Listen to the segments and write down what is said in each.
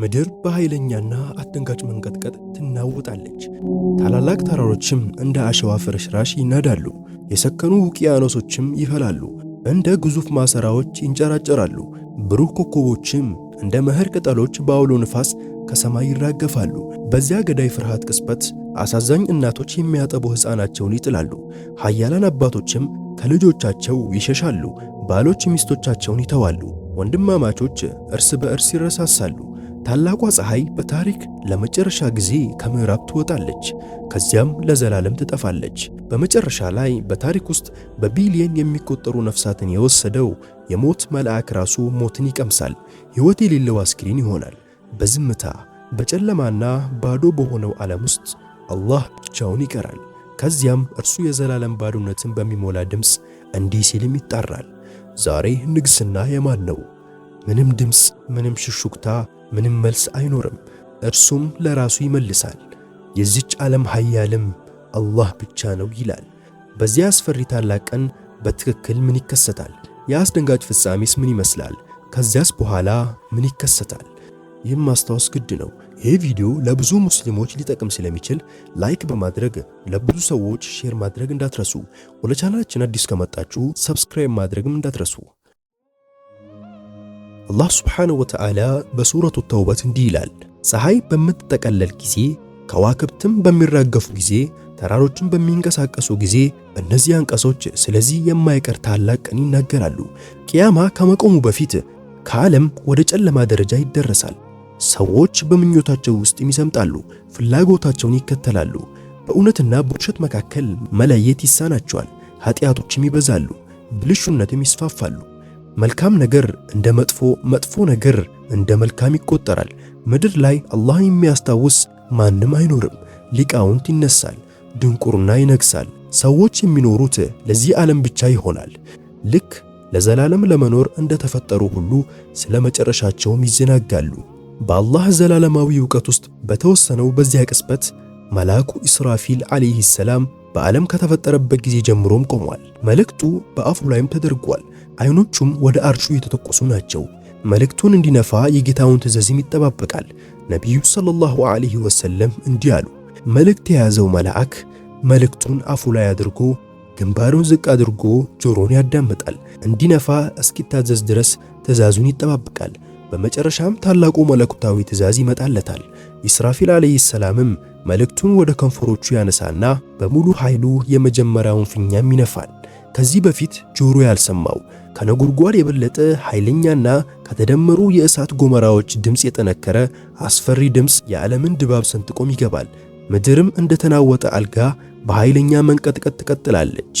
ምድር በኃይለኛና አስደንጋጭ መንቀጥቀጥ ትናወጣለች። ታላላቅ ተራሮችም እንደ አሸዋ ፍርሽራሽ ይናዳሉ። የሰከኑ ውቅያኖሶችም ይፈላሉ፣ እንደ ግዙፍ ማሰራዎች ይንጨራጨራሉ። ብሩህ ኮከቦችም እንደ መኸር ቅጠሎች በአውሎ ንፋስ ከሰማይ ይራገፋሉ። በዚያ ገዳይ ፍርሃት ቅስበት አሳዛኝ እናቶች የሚያጠቡ ሕፃናቸውን ይጥላሉ። ኃያላን አባቶችም ከልጆቻቸው ይሸሻሉ። ባሎች ሚስቶቻቸውን ይተዋሉ። ወንድማማቾች እርስ በእርስ ይረሳሳሉ። ታላቋ ፀሐይ በታሪክ ለመጨረሻ ጊዜ ከምዕራብ ትወጣለች፣ ከዚያም ለዘላለም ትጠፋለች። በመጨረሻ ላይ በታሪክ ውስጥ በቢሊየን የሚቆጠሩ ነፍሳትን የወሰደው የሞት መልአክ ራሱ ሞትን ይቀምሳል፣ ሕይወት የሌለው አስክሬን ይሆናል። በዝምታ በጨለማና ባዶ በሆነው ዓለም ውስጥ አላህ ብቻውን ይቀራል። ከዚያም እርሱ የዘላለም ባዶነትን በሚሞላ ድምፅ እንዲህ ሲልም ይጣራል፣ ዛሬ ንግስና የማን ነው? ምንም ድምፅ፣ ምንም ሽሹክታ ምንም መልስ አይኖርም፣ እርሱም ለራሱ ይመልሳል። የዚች ዓለም ኃያልም አላህ ብቻ ነው ይላል። በዚህ አስፈሪ ታላቅ ቀን በትክክል ምን ይከሰታል? የአስደንጋጭ ፍጻሜስ ምን ይመስላል? ከዚያስ በኋላ ምን ይከሰታል? ይህም ማስታወስ ግድ ነው። ይህ ቪዲዮ ለብዙ ሙስሊሞች ሊጠቅም ስለሚችል ላይክ በማድረግ ለብዙ ሰዎች ሼር ማድረግ እንዳትረሱ። ወደ ቻናላችን አዲስ ከመጣችሁ ሰብስክራይብ ማድረግም እንዳትረሱ። አላህ ስብሓንሁ ወተዓላ በሱረቱ ተውበት እንዲህ ይላል፣ ፀሐይ በምትጠቀለል ጊዜ፣ ከዋክብትም በሚራገፉ ጊዜ፣ ተራሮችን በሚንቀሳቀሱ ጊዜ እነዚህ አንቀሶች ስለዚህ የማይቀር ታላቅ ቀን ይናገራሉ። ቅያማ ከመቆሙ በፊት ከዓለም ወደ ጨለማ ደረጃ ይደረሳል። ሰዎች በምኞታቸው ውስጥ ይሰምጣሉ፣ ፍላጎታቸውን ይከተላሉ። በእውነትና በውሸት መካከል መለየት ይሳናቸዋል። ኃጢአቶችም ይበዛሉ፣ ብልሹነትም ይስፋፋሉ። መልካም ነገር እንደ መጥፎ፣ መጥፎ ነገር እንደ መልካም ይቆጠራል። ምድር ላይ አላህን የሚያስታውስ ማንም አይኖርም። ሊቃውንት ይነሳል፣ ድንቁርና ይነግሳል። ሰዎች የሚኖሩት ለዚህ ዓለም ብቻ ይሆናል። ልክ ለዘላለም ለመኖር እንደተፈጠሩ ሁሉ ስለ መጨረሻቸውም ይዘናጋሉ። በአላህ ዘላለማዊ ዕውቀት ውስጥ በተወሰነው በዚያ ቅጽበት መልአኩ ኢስራፊል ዓለይሂ ሰላም በዓለም ከተፈጠረበት ጊዜ ጀምሮም ቆሟል። መልእክቱ በአፉ ላይም ተደርጓል። አይኖቹም ወደ አርጩ የተተቆሱ ናቸው። መልእክቱን እንዲነፋ የጌታውን ትእዛዝም ይጠባበቃል። ነቢዩ ሰለላሁ ዐለይሂ ወሰለም እንዲህ አሉ። መልእክት የያዘው መልአክ መልእክቱን አፉ ላይ አድርጎ ግንባሩን ዝቅ አድርጎ ጆሮን ያዳምጣል። እንዲነፋ እስኪታዘዝ ድረስ ትእዛዙን ይጠባበቃል። በመጨረሻም ታላቁ መለኮታዊ ትእዛዝ ይመጣለታል። ኢስራፊል ዐለይሂ ሰላምም መልእክቱን ወደ ከንፈሮቹ ያነሳና በሙሉ ኃይሉ የመጀመሪያውን ፊኛም ይነፋል። ከዚህ በፊት ጆሮ ያልሰማው ከነጉድጓድ የበለጠ ኃይለኛና ከተደመሩ የእሳት ጎመራዎች ድምፅ የጠነከረ አስፈሪ ድምፅ የዓለምን ድባብ ሰንጥቆም ይገባል። ምድርም እንደተናወጠ አልጋ በኃይለኛ መንቀጥቀጥ ትቀጥላለች።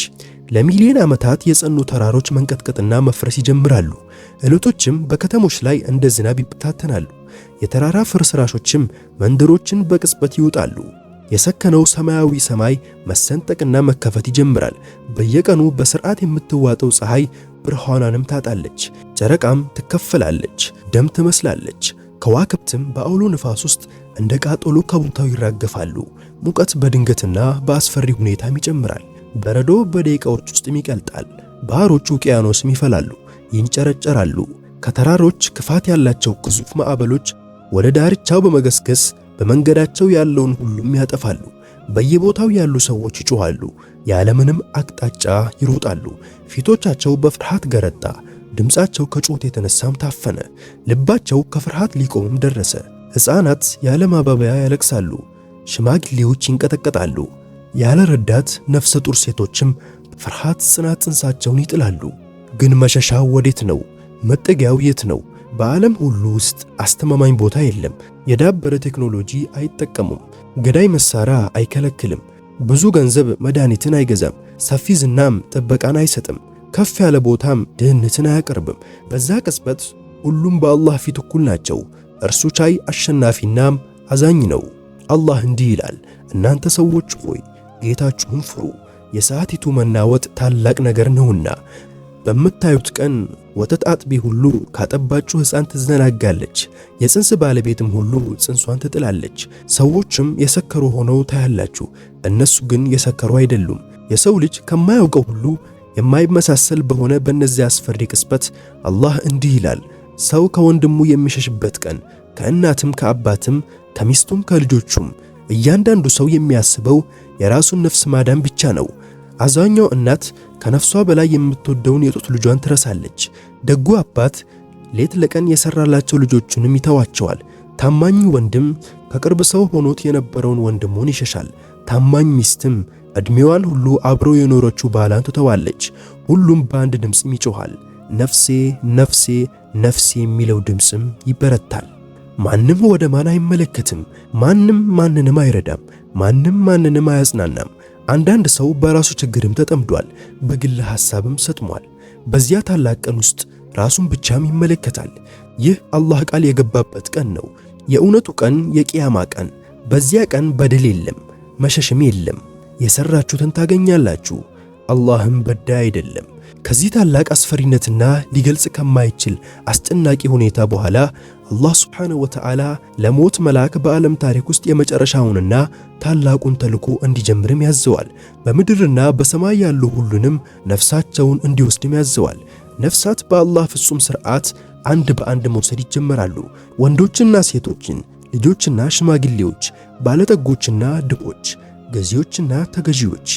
ለሚሊዮን ዓመታት የጸኑ ተራሮች መንቀጥቀጥና መፍረስ ይጀምራሉ። እለቶችም በከተሞች ላይ እንደ ዝናብ ይበታተናሉ። የተራራ ፍርስራሾችም መንደሮችን በቅጽበት ይውጣሉ። የሰከነው ሰማያዊ ሰማይ መሰንጠቅና መከፈት ይጀምራል። በየቀኑ በስርዓት የምትዋጠው ፀሐይ ብርሃኗንም ታጣለች። ጨረቃም ትከፈላለች፣ ደም ትመስላለች። ከዋክብትም በአውሎ ንፋስ ውስጥ እንደ ቃጠሎ ከቦታው ይራገፋሉ። ሙቀት በድንገትና በአስፈሪ ሁኔታም ይጨምራል። በረዶ በደቂቃዎች ውስጥም ይቀልጣል። ባህሮች ውቅያኖስም ይፈላሉ፣ ይንጨረጨራሉ። ከተራሮች ክፋት ያላቸው ግዙፍ ማዕበሎች ወደ ዳርቻው በመገስገስ በመንገዳቸው ያለውን ሁሉም ያጠፋሉ። በየቦታው ያሉ ሰዎች ይጮኻሉ፣ ያለምንም አቅጣጫ ይሮጣሉ። ፊቶቻቸው በፍርሃት ገረጣ፣ ድምፃቸው ከጮት የተነሳም ታፈነ። ልባቸው ከፍርሃት ሊቆምም ደረሰ። ሕፃናት ያለ ማባበያ ያለቅሳሉ፣ ሽማግሌዎች ይንቀጠቀጣሉ። ያለ ረዳት ነፍሰ ጡር ሴቶችም ፍርሃት ጽናት ጽንሳቸውን ይጥላሉ። ግን መሸሻው ወዴት ነው? መጠጊያው የት ነው? በዓለም ሁሉ ውስጥ አስተማማኝ ቦታ የለም። የዳበረ ቴክኖሎጂ አይጠቀሙም። ገዳይ መሳሪያ አይከለክልም። ብዙ ገንዘብ መድኃኒትን አይገዛም። ሰፊ ዝናም ጥበቃን አይሰጥም። ከፍ ያለ ቦታም ድህነትን አያቀርብም። በዛ ቅጽበት ሁሉም በአላህ ፊት እኩል ናቸው። እርሱ ቻይ አሸናፊናም አዛኝ ነው። አላህ እንዲህ ይላል፣ እናንተ ሰዎች ሆይ ጌታችሁን ፍሩ፣ የሰዓቲቱ መናወጥ ታላቅ ነገር ነውና በምታዩት ቀን ወተት አጥቢ ሁሉ ካጠባጩ ሕፃን ትዘናጋለች፣ የጽንስ ባለቤትም ሁሉ ጽንሷን ትጥላለች። ሰዎችም የሰከሩ ሆነው ታያላችሁ፣ እነሱ ግን የሰከሩ አይደሉም። የሰው ልጅ ከማያውቀው ሁሉ የማይመሳሰል በሆነ በእነዚህ አስፈሪ ቅጽበት አላህ እንዲህ ይላል፣ ሰው ከወንድሙ የሚሸሽበት ቀን፣ ከእናትም ከአባትም ከሚስቱም ከልጆቹም እያንዳንዱ ሰው የሚያስበው የራሱን ነፍስ ማዳን ብቻ ነው። አብዛኛው እናት ከነፍሷ በላይ የምትወደውን የጡት ልጇን ትረሳለች። ደጉ አባት ሌት ለቀን የሰራላቸው ልጆቹንም ይተዋቸዋል። ታማኝ ወንድም ከቅርብ ሰው ሆኖት የነበረውን ወንድሙን ይሸሻል። ታማኝ ሚስትም ዕድሜዋን ሁሉ አብረው የኖረችው ባላን ትተዋለች። ሁሉም በአንድ ድምፅም ይጮኋል ነፍሴ ነፍሴ ነፍሴ የሚለው ድምፅም ይበረታል። ማንም ወደ ማን አይመለከትም። ማንም ማንንም አይረዳም። ማንም ማንንም አያጽናናም። አንዳንድ ሰው በራሱ ችግርም ተጠምዷል፣ በግል ሐሳብም ሰጥሟል። በዚያ ታላቅ ቀን ውስጥ ራሱን ብቻም ይመለከታል። ይህ አላህ ቃል የገባበት ቀን ነው፣ የእውነቱ ቀን፣ የቂያማ ቀን። በዚያ ቀን በደል የለም፣ መሸሽም የለም። የሰራችሁትን ታገኛላችሁ። አላህም በዳይ አይደለም። ከዚህ ታላቅ አስፈሪነትና ሊገልጽ ከማይችል አስጨናቂ ሁኔታ በኋላ አላህ ሱብሓነሁ ወተዓላ ለሞት መልአክ በዓለም ታሪክ ውስጥ የመጨረሻውንና ታላቁን ተልኮ እንዲጀምርም ያዘዋል። በምድርና በሰማይ ያሉ ሁሉንም ነፍሳቸውን እንዲወስድም ያዘዋል። ነፍሳት በአላህ ፍጹም ሥርዓት አንድ በአንድ መውሰድ ይጀመራሉ። ወንዶችና ሴቶችን፣ ልጆችና ሽማግሌዎች፣ ባለጠጎችና ድሆች፣ ገዢዎችና ተገዢዎች፣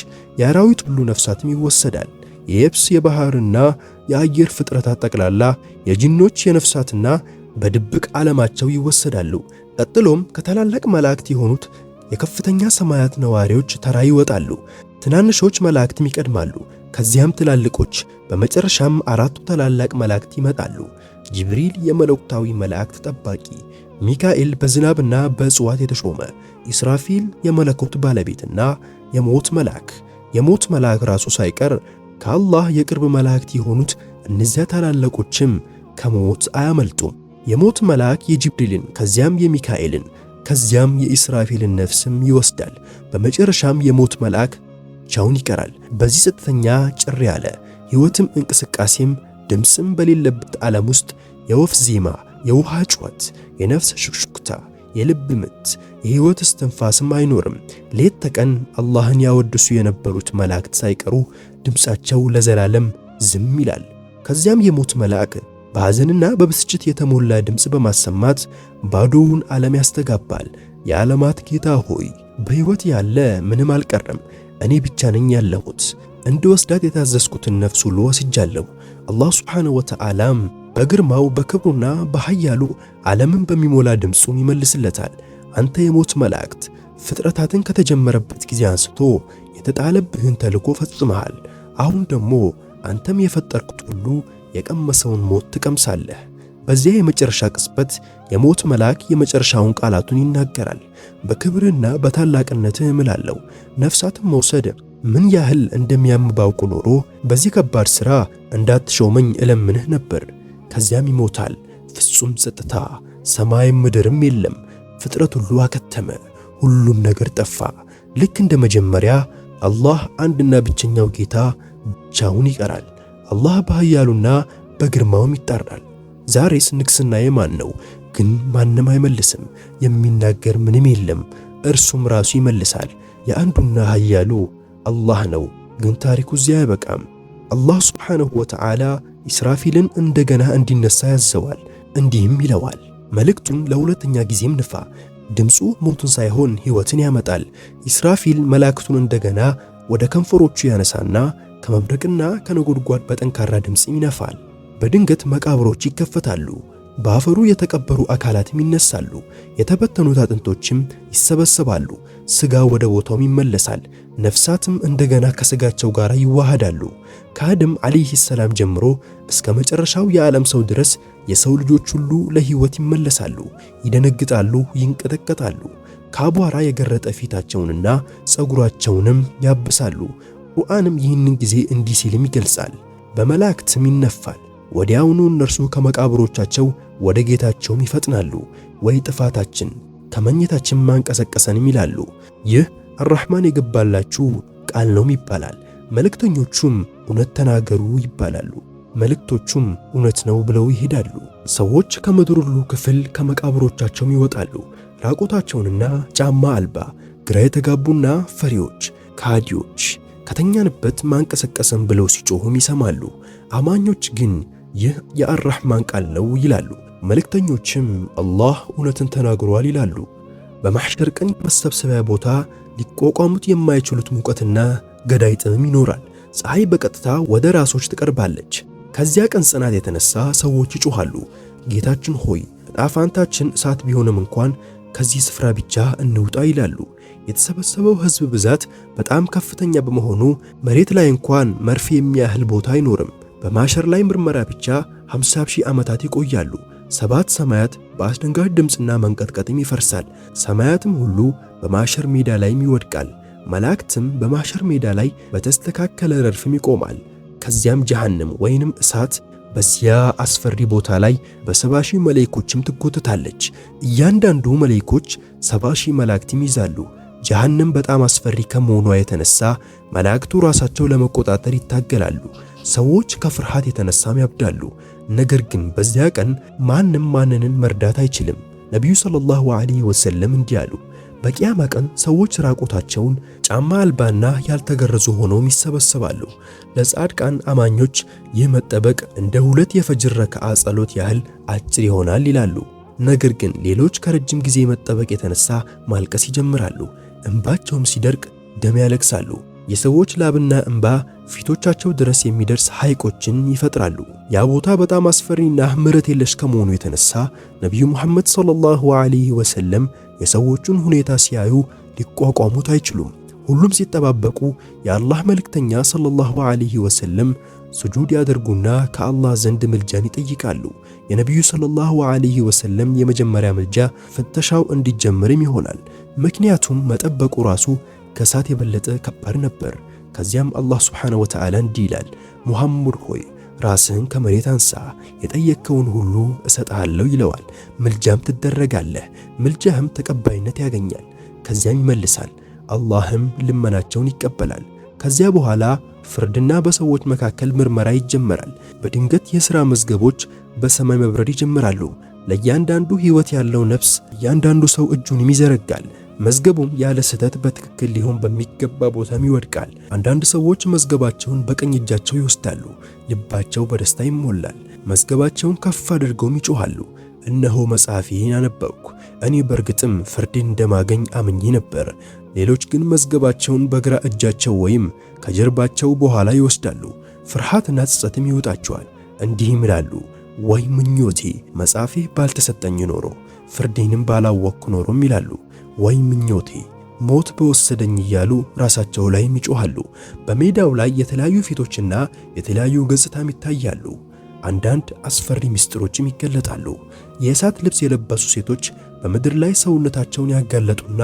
የአራዊት ሁሉ ነፍሳትም ይወሰዳል። የየብስ የባህርና የአየር ፍጥረታት ጠቅላላ የጅኖች የነፍሳትና በድብቅ ዓለማቸው ይወሰዳሉ። ቀጥሎም ከታላላቅ መላእክት የሆኑት የከፍተኛ ሰማያት ነዋሪዎች ተራ ይወጣሉ። ትናንሾች መላእክትም ይቀድማሉ፣ ከዚያም ትላልቆች፣ በመጨረሻም አራቱ ታላላቅ መላእክት ይመጣሉ። ጅብሪል የመለኮታዊ መላእክት ጠባቂ፣ ሚካኤል በዝናብና በእጽዋት የተሾመ፣ ኢስራፊል የመለኮት ባለቤትና የሞት መልአክ፣ የሞት መልአክ ራሱ ሳይቀር ከአላህ የቅርብ መላእክት የሆኑት እነዚያ ታላላቆችም ከሞት አያመልጡም። የሞት መልአክ የጅብሪልን ከዚያም የሚካኤልን ከዚያም የኢስራፌልን ነፍስም ይወስዳል። በመጨረሻም የሞት መልአክ ብቻውን ይቀራል። በዚህ ጸጥተኛ ጭር ያለ ሕይወትም እንቅስቃሴም ድምፅም በሌለበት ዓለም ውስጥ የወፍ ዜማ፣ የውሃ ጩኸት፣ የነፍስ ሽክሽኩታ፣ የልብ ምት፣ የሕይወት እስትንፋስም አይኖርም። ሌት ተቀን አላህን ያወድሱ የነበሩት መላእክት ሳይቀሩ ድምፃቸው ለዘላለም ዝም ይላል። ከዚያም የሞት መልአክ በሐዘንና በብስጭት የተሞላ ድምፅ በማሰማት ባዶውን ዓለም ያስተጋባል። የዓለማት ጌታ ሆይ በሕይወት ያለ ምንም አልቀረም፣ እኔ ብቻ ነኝ ያለሁት። እንድወስዳት የታዘዝኩትን ነፍስ ሁሉ ወስጃለሁ። አላህ ሱብሓነሁ ወተዓላም በግርማው በክብሩና በኃያሉ ዓለምን በሚሞላ ድምፁም ይመልስለታል። አንተ የሞት መላእክት ፍጥረታትን ከተጀመረበት ጊዜ አንስቶ የተጣለብህን ተልዕኮ ፈጽመሃል። አሁን ደግሞ አንተም የፈጠርኩት ሁሉ የቀመሰውን ሞት ትቀምሳለህ። በዚያ የመጨረሻ ቅጽበት የሞት መልአክ የመጨረሻውን ቃላቱን ይናገራል። በክብርና በታላቅነትህ እምላለሁ፣ ነፍሳትን መውሰድ ምን ያህል እንደሚያም ባውቅ ኖሮ በዚህ ከባድ ሥራ እንዳትሾመኝ እለምንህ ነበር። ከዚያም ይሞታል። ፍጹም ጸጥታ፣ ሰማይም ምድርም የለም። ፍጥረት ሁሉ አከተመ። ሁሉም ነገር ጠፋ። ልክ እንደ መጀመሪያ አላህ አንድና ብቸኛው ጌታ ብቻውን ይቀራል። አላህ በኃያሉና በግርማውም ይጠራል። ዛሬስ ንግስና የማን ነው? ግን ማንም አይመልስም። የሚናገር ምንም የለም፣ እርሱም ራሱ ይመልሳል። የአንዱና ኃያሉ አላህ ነው። ግን ታሪኩ እዚያ አይበቃም። አላህ ሱብሓነሁ ወተዓላ ኢስራፊልን እንደገና እንዲነሳ ያዘዋል። እንዲህም ይለዋል፣ መልእክቱን ለሁለተኛ ጊዜም ንፋ። ድምፁ ሞትን ሳይሆን ሕይወትን ያመጣል። ኢስራፊል መላእክቱን እንደገና ወደ ከንፈሮቹ ያነሳና ከመብረቅና ከነጎድጓድ በጠንካራ ድምፅ ይነፋል። በድንገት መቃብሮች ይከፈታሉ። በአፈሩ የተቀበሩ አካላትም ይነሳሉ። የተበተኑት አጥንቶችም ይሰበሰባሉ። ስጋ ወደ ቦታውም ይመለሳል። ነፍሳትም እንደገና ከስጋቸው ጋር ይዋሃዳሉ። ከአደም አለይሂ ሰላም ጀምሮ እስከ መጨረሻው የዓለም ሰው ድረስ የሰው ልጆች ሁሉ ለህይወት ይመለሳሉ። ይደነግጣሉ፣ ይንቀጠቀጣሉ። ከአቧራ የገረጠ ፊታቸውንና ፀጉራቸውንም ያብሳሉ። ቁርአንም ይህንን ጊዜ እንዲህ ሲልም ይገልጻል፣ በመላእክትም ይነፋል። ወዲያውኑ እነርሱ ከመቃብሮቻቸው ወደ ጌታቸውም ይፈጥናሉ። ወይ ጥፋታችን ከመኝታችን ማንቀሰቀሰንም ይላሉ። ይህ አራህማን የገባላችሁ ቃል ነውም ይባላል። መልእክተኞቹም እውነት ተናገሩ ይባላሉ። መልእክቶቹም እውነት ነው ብለው ይሄዳሉ። ሰዎች ከምድር ሁሉ ክፍል ከመቃብሮቻቸውም ይወጣሉ። ራቆታቸውንና ጫማ አልባ ግራ የተጋቡና ፈሪዎች፣ ካዲዎች። ከተኛንበት ማንቀሰቀሰን ብለው ሲጮሁም ይሰማሉ። አማኞች ግን ይህ የአራህማን ቃል ነው ይላሉ። መልእክተኞችም አላህ እውነትን ተናግሯል ይላሉ። በማሕሸር ቀን መሰብሰቢያ ቦታ ሊቋቋሙት የማይችሉት ሙቀትና ገዳይ ጥምም ይኖራል። ፀሐይ በቀጥታ ወደ ራሶች ትቀርባለች። ከዚያ ቀን ጽናት የተነሳ ሰዎች ይጮኻሉ፣ ጌታችን ሆይ ዕጣ ፈንታችን እሳት ቢሆንም እንኳን ከዚህ ስፍራ ብቻ እንውጣ ይላሉ። የተሰበሰበው ህዝብ ብዛት በጣም ከፍተኛ በመሆኑ መሬት ላይ እንኳን መርፌ የሚያህል ቦታ አይኖርም። በማሸር ላይ ምርመራ ብቻ 50 ሺህ ዓመታት ይቆያሉ። ሰባት ሰማያት በአስደንጋጭ ድምፅና መንቀጥቀጥም ይፈርሳል። ሰማያትም ሁሉ በማሸር ሜዳ ላይም ይወድቃል። መላእክትም በማሸር ሜዳ ላይ በተስተካከለ ረድፍም ይቆማል። ከዚያም ጀሃንም ወይንም እሳት በዚያ አስፈሪ ቦታ ላይ በሰባ ሺህ መለይኮችም ትጎትታለች። እያንዳንዱ መለይኮች ሰባ ሺህ መላእክትም ይዛሉ። ጀሃነም በጣም አስፈሪ ከመሆኗ የተነሳ መላእክቱ ራሳቸው ለመቆጣጠር ይታገላሉ። ሰዎች ከፍርሃት የተነሳም ያብዳሉ። ነገር ግን በዚያ ቀን ማንም ማንንን መርዳት አይችልም። ነቢዩ ሰለላሁ ዐለይሂ ወሰለም እንዲህ አሉ፣ በቂያማ ቀን ሰዎች ራቆታቸውን ጫማ አልባና ያልተገረዙ ሆነውም ይሰበሰባሉ። ለጻድቃን አማኞች ይህ መጠበቅ እንደ ሁለት የፈጅር ረክዓ ጸሎት ያህል አጭር ይሆናል ይላሉ። ነገር ግን ሌሎች ከረጅም ጊዜ መጠበቅ የተነሳ ማልቀስ ይጀምራሉ። እንባቸውም ሲደርቅ ደም ያለቅሳሉ። የሰዎች ላብና እንባ ፊቶቻቸው ድረስ የሚደርስ ሐይቆችን ይፈጥራሉ። ያ ቦታ በጣም አስፈሪና ምሕረት የለሽ ከመሆኑ የተነሳ ነቢዩ ሙሐመድ ሰለላሁ ዐለይሂ ወሰለም የሰዎቹን ሁኔታ ሲያዩ ሊቋቋሙት አይችሉም። ሁሉም ሲጠባበቁ የአላህ መልእክተኛ ሰለላሁ ዐለይሂ ወሰለም ስጁድ ያደርጉና ከአላህ ዘንድ ምልጃን ይጠይቃሉ። የነቢዩ ሰለላሁ ዐለይሂ ወሰለም የመጀመሪያ ምልጃ ፍተሻው እንዲጀምርም ይሆናል። ምክንያቱም መጠበቁ ራሱ ከእሳት የበለጠ ከባድ ነበር። ከዚያም አላህ ሱብሓነሁ ወተዓላ እንዲህ ይላል፣ ሙሐመድ ሆይ ራስህን ከመሬት አንሳ፣ የጠየቅከውን ሁሉ እሰጥሃለሁ ይለዋል። ምልጃም ትደረጋለህ፣ ምልጃህም ተቀባይነት ያገኛል። ከዚያም ይመልሳል፣ አላህም ልመናቸውን ይቀበላል። ከዚያ በኋላ ፍርድና በሰዎች መካከል ምርመራ ይጀመራል። በድንገት የሥራ መዝገቦች በሰማይ መብረር ይጀምራሉ። ለእያንዳንዱ ሕይወት ያለው ነፍስ እያንዳንዱ ሰው እጁንም ይዘረጋል። መዝገቡም ያለ ስህተት በትክክል ሊሆን በሚገባ ቦታም ይወድቃል። አንዳንድ ሰዎች መዝገባቸውን በቀኝ እጃቸው ይወስዳሉ፣ ልባቸው በደስታ ይሞላል። መዝገባቸውን ከፍ አድርገውም ይጮሃሉ፣ እነሆ መጽሐፌን አነበብኩ፣ እኔ በእርግጥም ፍርድ እንደማገኝ አምኜ ነበር። ሌሎች ግን መዝገባቸውን በግራ እጃቸው ወይም ከጀርባቸው በኋላ ይወስዳሉ። ፍርሃትና ጸጸትም ይወጣቸዋል። እንዲህም ይላሉ፣ ወይ ምኞቴ መጽሐፌ ባልተሰጠኝ ኖሮ ፍርዴንም ባላወቅኩ ኖሮም ይላሉ። ወይ ምኞቴ ሞት በወሰደኝ እያሉ ራሳቸው ላይም ይጮሃሉ። በሜዳው ላይ የተለያዩ ፊቶችና የተለያዩ ገጽታም ይታያሉ። አንዳንድ አስፈሪ ምስጢሮችም ይገለጣሉ። የእሳት ልብስ የለበሱ ሴቶች በምድር ላይ ሰውነታቸውን ያጋለጡና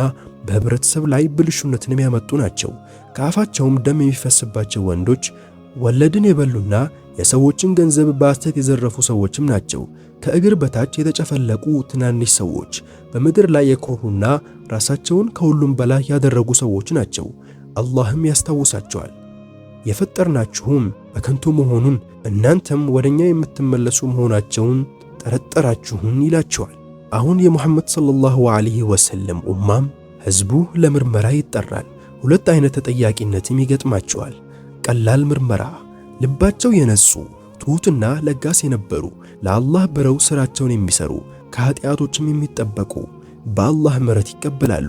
በህብረተሰብ ላይ ብልሹነትንም ያመጡ ናቸው። ከአፋቸውም ደም የሚፈስባቸው ወንዶች ወለድን የበሉና የሰዎችን ገንዘብ በአስተት የዘረፉ ሰዎችም ናቸው። ከእግር በታች የተጨፈለቁ ትናንሽ ሰዎች በምድር ላይ የኮሩና ራሳቸውን ከሁሉም በላይ ያደረጉ ሰዎች ናቸው። አላህም ያስታውሳቸዋል። የፈጠርናችሁም በከንቱ መሆኑን እናንተም ወደኛ የምትመለሱ መሆናቸውን ጠረጠራችሁን ይላቸዋል። አሁን የሙሐመድ ሰለላሁ ዐለይሂ ወሰለም ኡማም ህዝቡ ለምርመራ ይጠራል። ሁለት አይነት ተጠያቂነትም ይገጥማቸዋል። ቀላል ምርመራ ልባቸው የነጹ ትሑትና ለጋስ የነበሩ ለአላህ ብለው ስራቸውን የሚሰሩ ከኃጢአቶችም የሚጠበቁ በአላህ ምሕረት ይቀበላሉ፣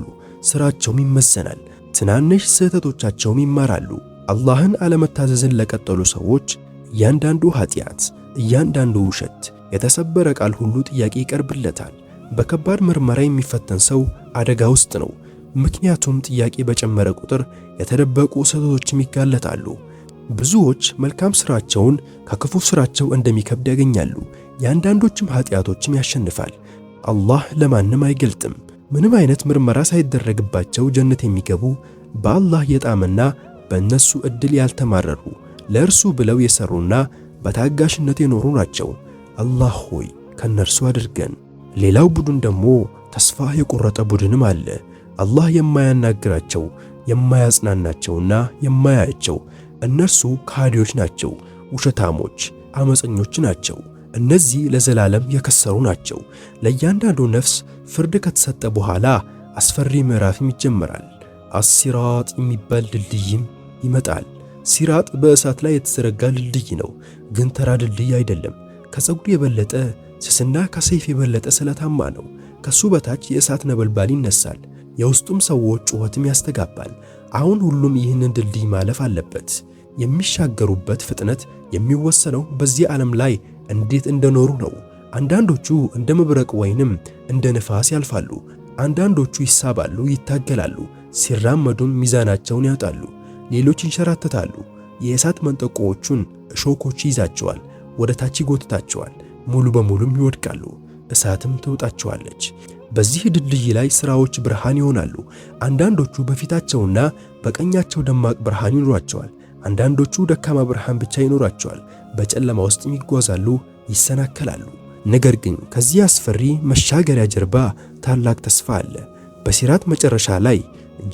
ስራቸውም ይመዘናል፣ ትናንሽ ስህተቶቻቸውም ይማራሉ። አላህን አለመታዘዝን ለቀጠሉ ሰዎች እያንዳንዱ ኃጢአት፣ እያንዳንዱ ውሸት፣ የተሰበረ ቃል ሁሉ ጥያቄ ይቀርብለታል። በከባድ ምርመራ የሚፈተን ሰው አደጋ ውስጥ ነው። ምክንያቱም ጥያቄ በጨመረ ቁጥር የተደበቁ ስህተቶችም ይጋለጣሉ። ብዙዎች መልካም ስራቸውን ከክፉ ስራቸው እንደሚከብድ ያገኛሉ። የአንዳንዶችም ኃጢአቶችም ያሸንፋል። አላህ ለማንም አይገልጥም። ምንም አይነት ምርመራ ሳይደረግባቸው ጀነት የሚገቡ በአላህ የጣምና በእነሱ ዕድል ያልተማረሩ ለእርሱ ብለው የሰሩና በታጋሽነት የኖሩ ናቸው። አላህ ሆይ ከነርሱ አድርገን። ሌላው ቡድን ደግሞ ተስፋ የቆረጠ ቡድንም አለ። አላህ የማያናግራቸው የማያጽናናቸውና የማያያቸው እነርሱ ከሃዲዎች ናቸው፣ ውሸታሞች፣ አመፀኞች ናቸው። እነዚህ ለዘላለም የከሰሩ ናቸው። ለእያንዳንዱ ነፍስ ፍርድ ከተሰጠ በኋላ አስፈሪ ምዕራፍም ይጀመራል። አሲራጥ የሚባል ድልድይም ይመጣል። ሲራጥ በእሳት ላይ የተዘረጋ ድልድይ ነው፣ ግን ተራ ድልድይ አይደለም። ከፀጉር የበለጠ ስስና ከሰይፍ የበለጠ ስለታማ ነው። ከሱ በታች የእሳት ነበልባል ይነሳል፣ የውስጡም ሰዎች ጩኸትም ያስተጋባል። አሁን ሁሉም ይህንን ድልድይ ማለፍ አለበት። የሚሻገሩበት ፍጥነት የሚወሰነው በዚህ ዓለም ላይ እንዴት እንደኖሩ ነው። አንዳንዶቹ እንደ መብረቅ ወይንም እንደ ንፋስ ያልፋሉ። አንዳንዶቹ ይሳባሉ፣ ይታገላሉ። ሲራመዱም ሚዛናቸውን ያጣሉ። ሌሎች ይንሸራተታሉ። የእሳት መንጠቆዎቹን እሾኮች ይዛቸዋል ወደ ታች ይጎትታቸዋል። ሙሉ በሙሉም ይወድቃሉ። እሳትም ትውጣቸዋለች። በዚህ ድልድይ ላይ ስራዎች ብርሃን ይሆናሉ። አንዳንዶቹ በፊታቸውና በቀኛቸው ደማቅ ብርሃን ይኖራቸዋል። አንዳንዶቹ ደካማ ብርሃን ብቻ ይኖራቸዋል፣ በጨለማ ውስጥም ይጓዛሉ፣ ይሰናከላሉ። ነገር ግን ከዚህ አስፈሪ መሻገሪያ ጀርባ ታላቅ ተስፋ አለ። በሲራት መጨረሻ ላይ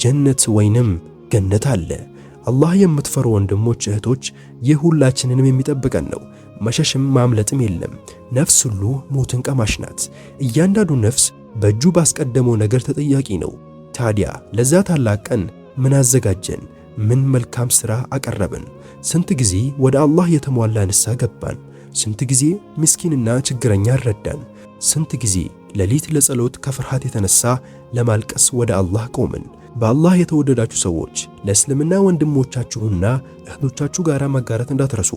ጀነት ወይንም ገነት አለ። አላህ የምትፈሩ ወንድሞች እህቶች፣ ይህ ሁላችንንም የሚጠብቀን ነው። መሸሽም ማምለጥም የለም። ነፍስ ሁሉ ሞትን ቀማሽ ናት። እያንዳንዱ ነፍስ በእጁ ባስቀደመው ነገር ተጠያቂ ነው። ታዲያ ለዛ ታላቅ ቀን ምን አዘጋጀን? ምን መልካም ሥራ አቀረብን? ስንት ጊዜ ወደ አላህ የተሟላ ንስሐ ገባን? ስንት ጊዜ ምስኪንና ችግረኛ ረዳን? ስንት ጊዜ ሌሊት ለጸሎት ከፍርሃት የተነሳ ለማልቀስ ወደ አላህ ቆምን? በአላህ የተወደዳችሁ ሰዎች ለእስልምና ወንድሞቻችሁና እህቶቻችሁ ጋር ማጋራት እንዳትረሱ።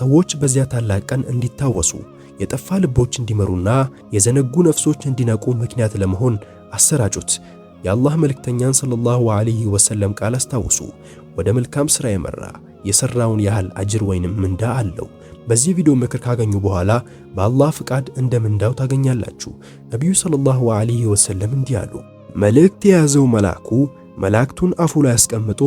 ሰዎች በዚያ ታላቅ ቀን እንዲታወሱ፣ የጠፋ ልቦች እንዲመሩና የዘነጉ ነፍሶች እንዲነቁ ምክንያት ለመሆን አሰራጩት። የአላህ መልእክተኛን ሰለላሁ ዐለይሂ ወሰለም ቃል አስታውሱ። ወደ መልካም ሥራ የመራ የሰራውን ያህል አጅር ወይንም ምንዳ አለው። በዚህ ቪዲዮ ምክር ካገኙ በኋላ በአላህ ፍቃድ እንደ ምንዳው ታገኛላችሁ። ነቢዩ ሰለላሁ ዐለይሂ ወሰለም እንዲህ አሉ። መልእክት የያዘው መልአኩ መላእክቱን አፉ ላይ አስቀምጦ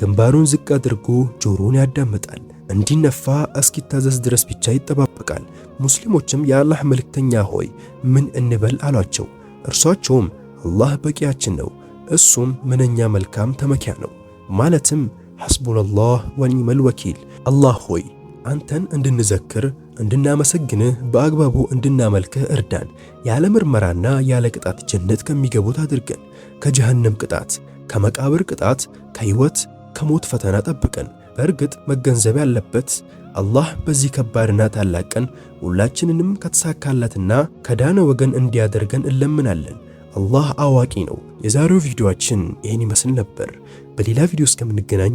ግንባሩን ዝቅ አድርጎ ጆሮውን ያዳምጣል እንዲነፋ እስኪታዘዝ ድረስ ብቻ ይጠባበቃል። ሙስሊሞችም የአላህ መልእክተኛ ሆይ ምን እንበል አሏቸው። እርሷቸውም አላህ በቂያችን ነው፣ እሱም ምንኛ መልካም ተመኪያ ነው ማለትም ሐስቡናላህ ወኒመል ወኪል። አላህ ሆይ አንተን እንድንዘክር እንድናመሰግንህ በአግባቡ እንድናመልክህ እርዳን። ያለ ምርመራና ያለ ቅጣት ጀነት ከሚገቡት አድርገን፣ ከጀሃነም ቅጣት፣ ከመቃብር ቅጣት፣ ከሕይወት ከሞት ፈተና ጠብቀን። በእርግጥ መገንዘብ ያለበት አላህ በዚህ ከባድና ታላቅ ቀን ሁላችንንም ከተሳካለትና ከዳነ ወገን እንዲያደርገን እለምናለን አላህ አዋቂ ነው። የዛሬው ቪዲዮአችን ይህን ይመስል ነበር። በሌላ ቪዲዮ እስከምንገናኝ